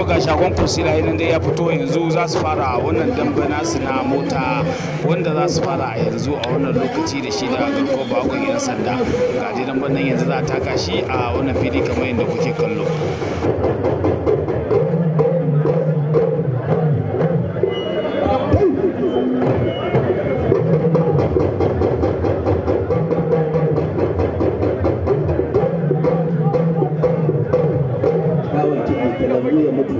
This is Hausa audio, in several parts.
kuma ga shagon kursila idan dai ya fito yanzu za su fara wannan damba nasu na mota wanda za su fara a yanzu a wannan lokaci da shi da garkuwar bakon yan sanda ga dai damban nan yanzu za a taka a wannan fili kamar yadda kuke kallo kalangu ya mutu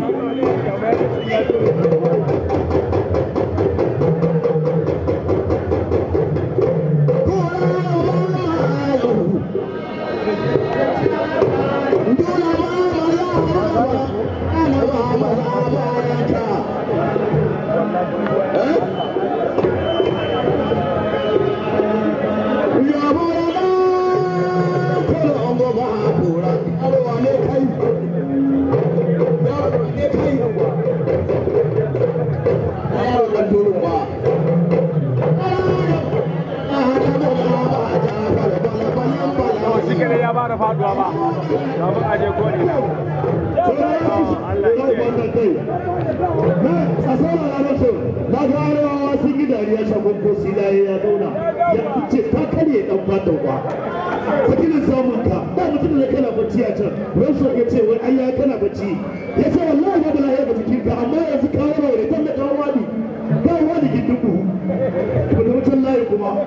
faduwa ba domin aje na Allah ya na sun dariya shagon ko silaye ya zauna ya ta dan fatan kwa samun ka ba mutum da kana bacci a can ransu ya ce wai ai kana bacci ya ce wallahi ba ya ga ka amma yanzu kawo rauni kan da kawo wani wani ku da layi kuma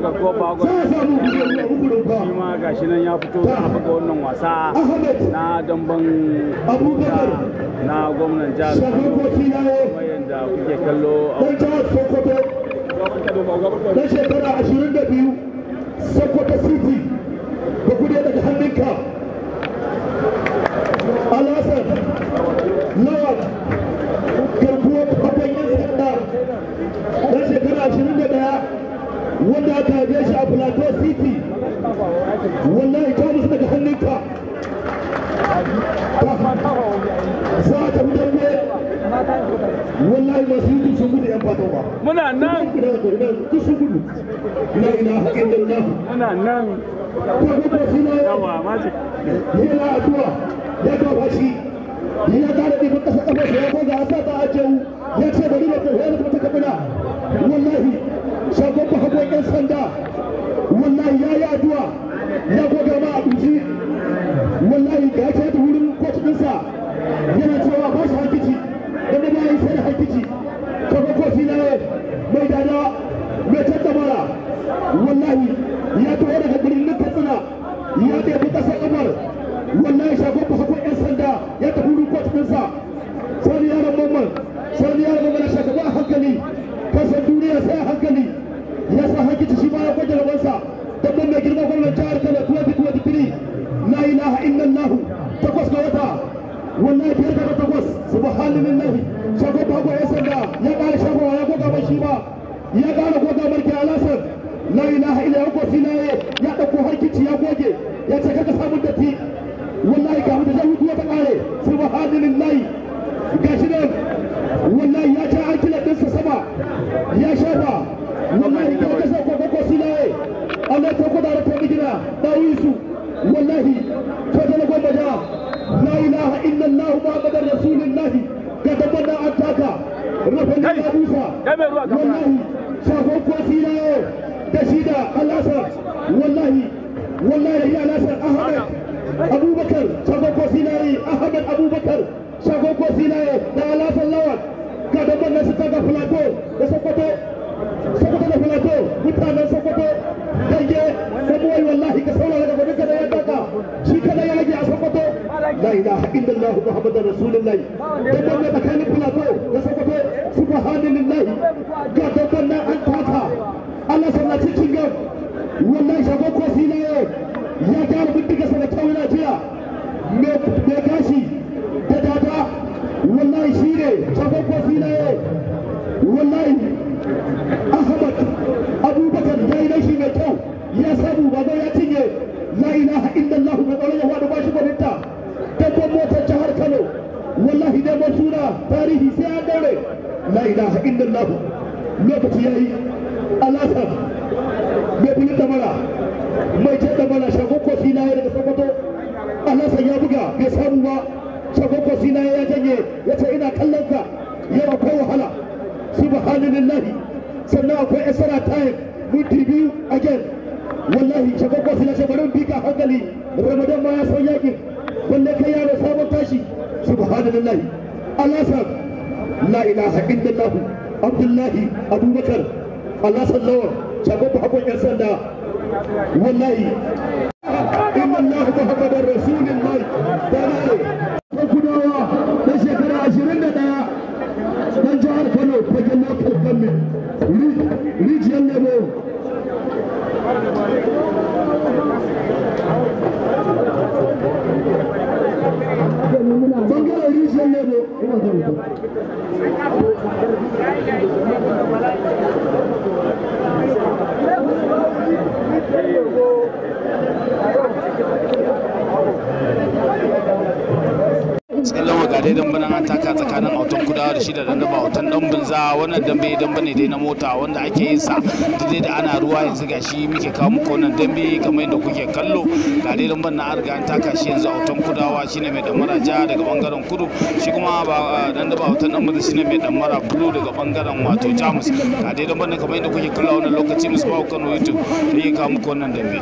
ga goba shi ma ga shi nan ya fito a buga wannan wasa na damban na gwamnan jihar kuma kuke kallo a shekara sokoto city daga hannunka lawan wanda aka haife shi a plateau city wallahi ta musu daga hannunka za a tafi dambe wallahi masu yi sun gudu yan fata ba muna nan duk sun gudu la ilaha illallah muna nan ko gudu shi ne yawa maji yana addu'a ya ta fashi ya ta da kasa ƙafa su ya ko ga asa ta ajewu ya ce bari da ta ya ta kabila 'yan sanda wallahi ya yi addu'a ya goga ma abinci wallahi da ya tafi wurin kotu ɗinsa yana cewa ba shi hankici da bayan sai da hankici kofi na mai dada mai wallahi ya taho katsina ya tafi ƙasar wallahi shagon sanda ya tafi wurin kotu ɗinsa sani mamman sani mamman shagaba hankali kasar duniya sai hankali wallahi ya ta hankilan ɗinsa sama ya shafa wallahi ta kasa kwakwakwa sinaye Allah ta kudara ta bigina bayin su wallahi ta zama gwamba da la ilaha illallah muhammadar rasulullahi ga tabbata an taka rafin da busa wallahi shafon kuwa sinaye da shi da al'asar wallahi wallahi ya al'asar ahmed abubakar shafon kuwa sinaye ahmed abubakar shafon kuwa sinaye mutanen su daga filato mutanen sokoto dage sabuwai wallahi ka daga gudunka rage a sokoto la ilaha illallah Allah sallaci ya bindiga sa da jiya gashi tsofaffi na yau abubakar ya yi rashi mai kyau ya samu baba ya cinye la ilaha illallah mai tsaron yawa da bashi gwaninta dabban motar jihar kano wallahi dai suna tarihi sai a daure la ilaha illallah lokaci ya yi alasar mai buyi damara mai ce damara shagon kofi ya buga bai samu ba shagon fasina ya janye ya ce ina kallon ka yau akwai wahala subhanallahi sannan akwai extra time minti biyu again wallahi shagon fasina ce bari bi ka hankali ramadan ma ya san yakin balle kai yaro sabon tashi subhanallahi Allah sa la ilaha illallah abdullahi abubakar Allah sallawa shagon hakon yan sanda wallahi inna Allah muhammadar rasul dai damba nan an taka tsakanin autan kuda da shi da dandaba autan dan binza wannan dambe dambe ne dai na mota wanda ake yin sa dai da ana ruwa yanzu ga shi muke kawo muku wannan dambe kamar yadda kuke kallo ga dai damban na arga an taka shi yanzu autan kudawa shine mai damara ja daga bangaren kudu shi kuma ba dandaba autan dan binza shine mai damara blue daga bangaren wato jamus ga dai damban kamar yadda kuke kallo wannan lokaci musamman kano youtube da yake kawo muku wannan dambe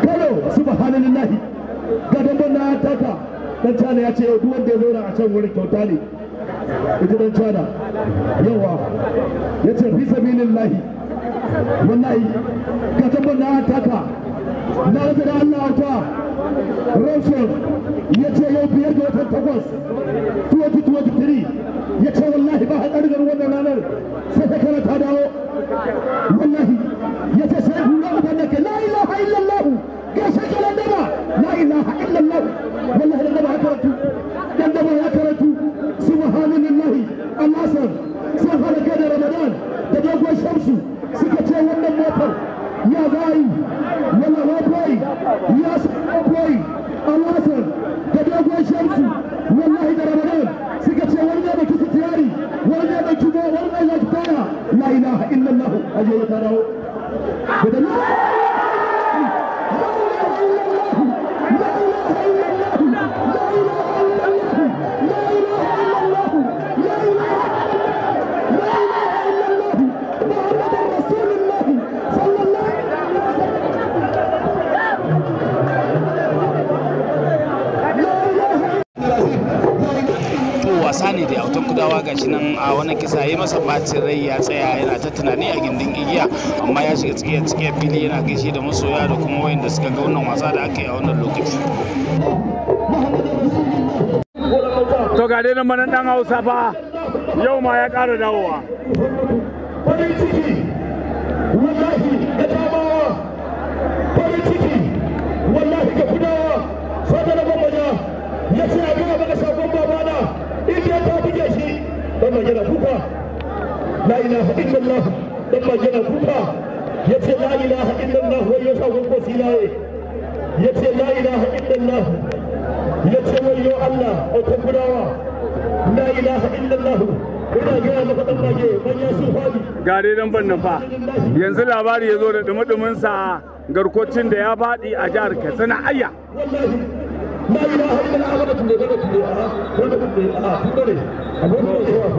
Kano subhanallah ga damban na taka dan cana ya ce yau duk wanda ya zauna a can wurin kyauta ne ita dan cana yawa ya ce fi sabilillahi wallahi ga damban na taka na rasa da Allah ta Roshan ya ce yau biyar da watan takwas 2023 ya ce wallahi ba haɗar wannan ranar sai ta kara da wanda da kisa tiyari wanda da kibo wanda ya fara la ilaha illallah aje ya tarawo da dalilin wasa ne da autan kudawa ga shi nan a wani kisa ya masa bacin rai ya tsaya yana ta tunani a gindin igiya amma ya shiga cikin cikin fili yana gaishe da masoya da kuma wayanda suka ga wannan wasa da aka yi a wannan lokaci to ga dai nan dan Hausa fa yau ma ya ƙara dawowa la ilaha illallah dan ma yana kuka yace la ilaha illallah wai yasa gunko silaye yace la ilaha illallah yace wayo Allah o tabburawa la ilaha illallah gare dan ban fa yanzu labari ya zo da dumudumin sa garkocin da ya fadi a jihar Katsina ayya la ilaha illallah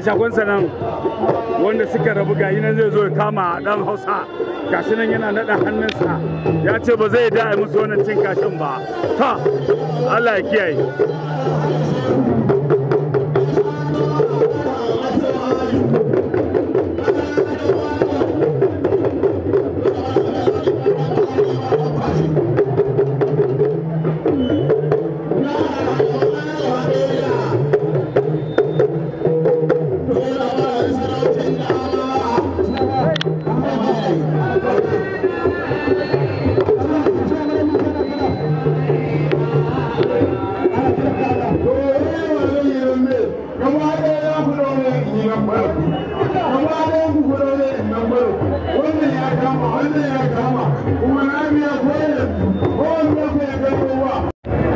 ga nan wanda suka rabu gayi nan zai zo ya kama dan hausa gashi nan yana naɗa hannunsa ya ce ba zai da musu wannan cin kashin ba ta allah ya kiyaye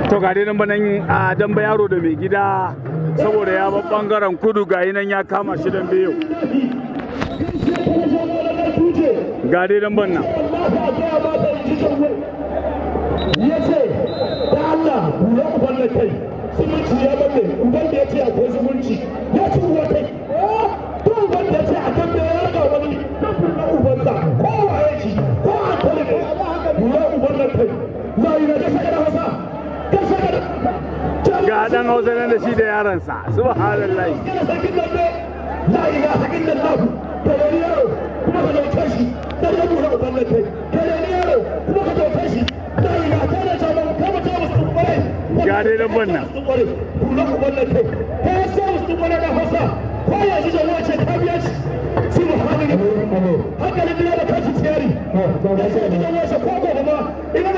to ga dai nan a damba yaro da mai gida saboda ya bar bangaren kudu ga nan ya kama shi dan biyu ga dai nan nan ya ce da Allah ku ya balle da ya ce akwai zumunci ya ci ga dan hausa nan da shi da yaransa subhanallahi la ilaha illallah kalani kuma ka dauke shi dan ya buɗe ubannin kai kalani kuma ka dauke shi la ilaha ta da ta ban ta musu kware ga dai dan banna buɗe ubannin kai ta sa musu kware da hausa ko yanzu jama'a ce ta biya shi subhanallahi haka ne da kashi tsari da sai da jama'a ko gobe ma idan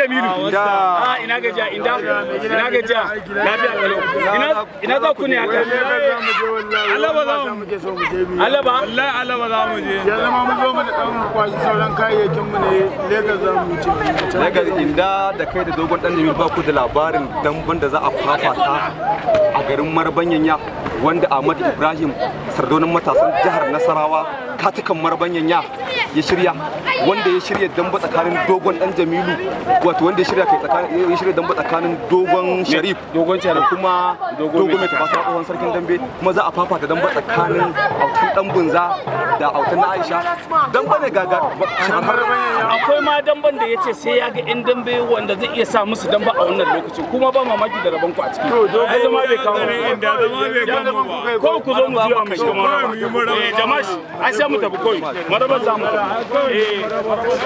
jamilu ina gajiya ina gajiya lafiya ina ina za ku ne haka Allah ba za mu je so mu je bi Allah ba wallahi Allah ba za mu je yanzu ma zo mu da dan kwashi sauran kayayyakin mu ne Lagos za mu Lagos inda da kai da dogon dan jamilu ba ku da labarin damban da za a fafata a garin Marbanyanya wanda Ahmad Ibrahim sardaunan matasan jihar Nasarawa katukan Marbanyanya ya shirya wanda ya shirya damba tsakanin dogon dan jamilu wato wanda ya shirya kai tsakanin ya shirya damba tsakanin dogon sharif dogon sharif kuma dogon mai tafasa tsohon sarkin dambe kuma za a fafata damba tsakanin autun dan bunza da autan aisha damba ne gaga akwai ma damban da yace sai ya ga yan dambe wanda zai iya sa musu damba a wannan lokacin kuma ba mamaki da rabon ku a ciki to dogon zama bai kawo ko ku zo mu zuwa mu shi eh, jama'a ai sai mu tafi koyi marabar zamu eh Always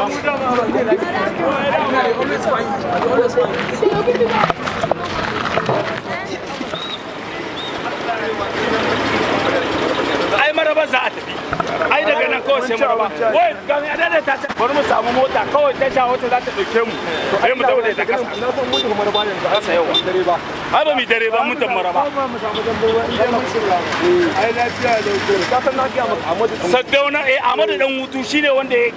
fine. Always fine. maraba za a tafi ai daga nan kawai sai maraba wai ga mai adada ta ta bari mu samu mota kawai ta sha wata za ta dauke mu ai mu tabbata ita kasa na san mu tafi maraba yanzu kasa yau dare ba ai ba mu dare ba mun tafi maraba eh. ai lafiya da ku ka san na ga maka saddau na eh Ahmadu dan hutu shine wanda ya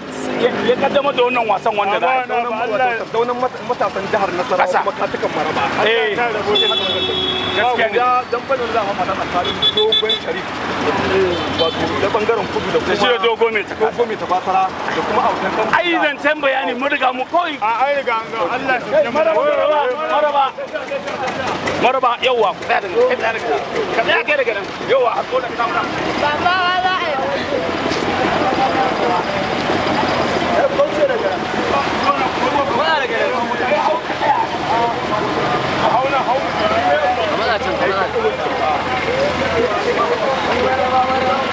ya kaddama da wannan wasan wanda da Allah a daunan matasan jihar Nasarawa kuma katukan maraba eh gaskiya ne dan fadin za mu fada tsakanin dogon sharif eh, wato da bangaren kudu da kuma shi dogo mai tafasara dogo mai tafasara da kuma autan kan ai zancen bayani mun riga mu koi a ai riga an ga Allah da maraba maraba maraba yawa ku tsaya daga kai daga ka tsaya kai daga nan yawa a tsoda ka muna baba wala ai Eh, kau sudah kan? Thank you.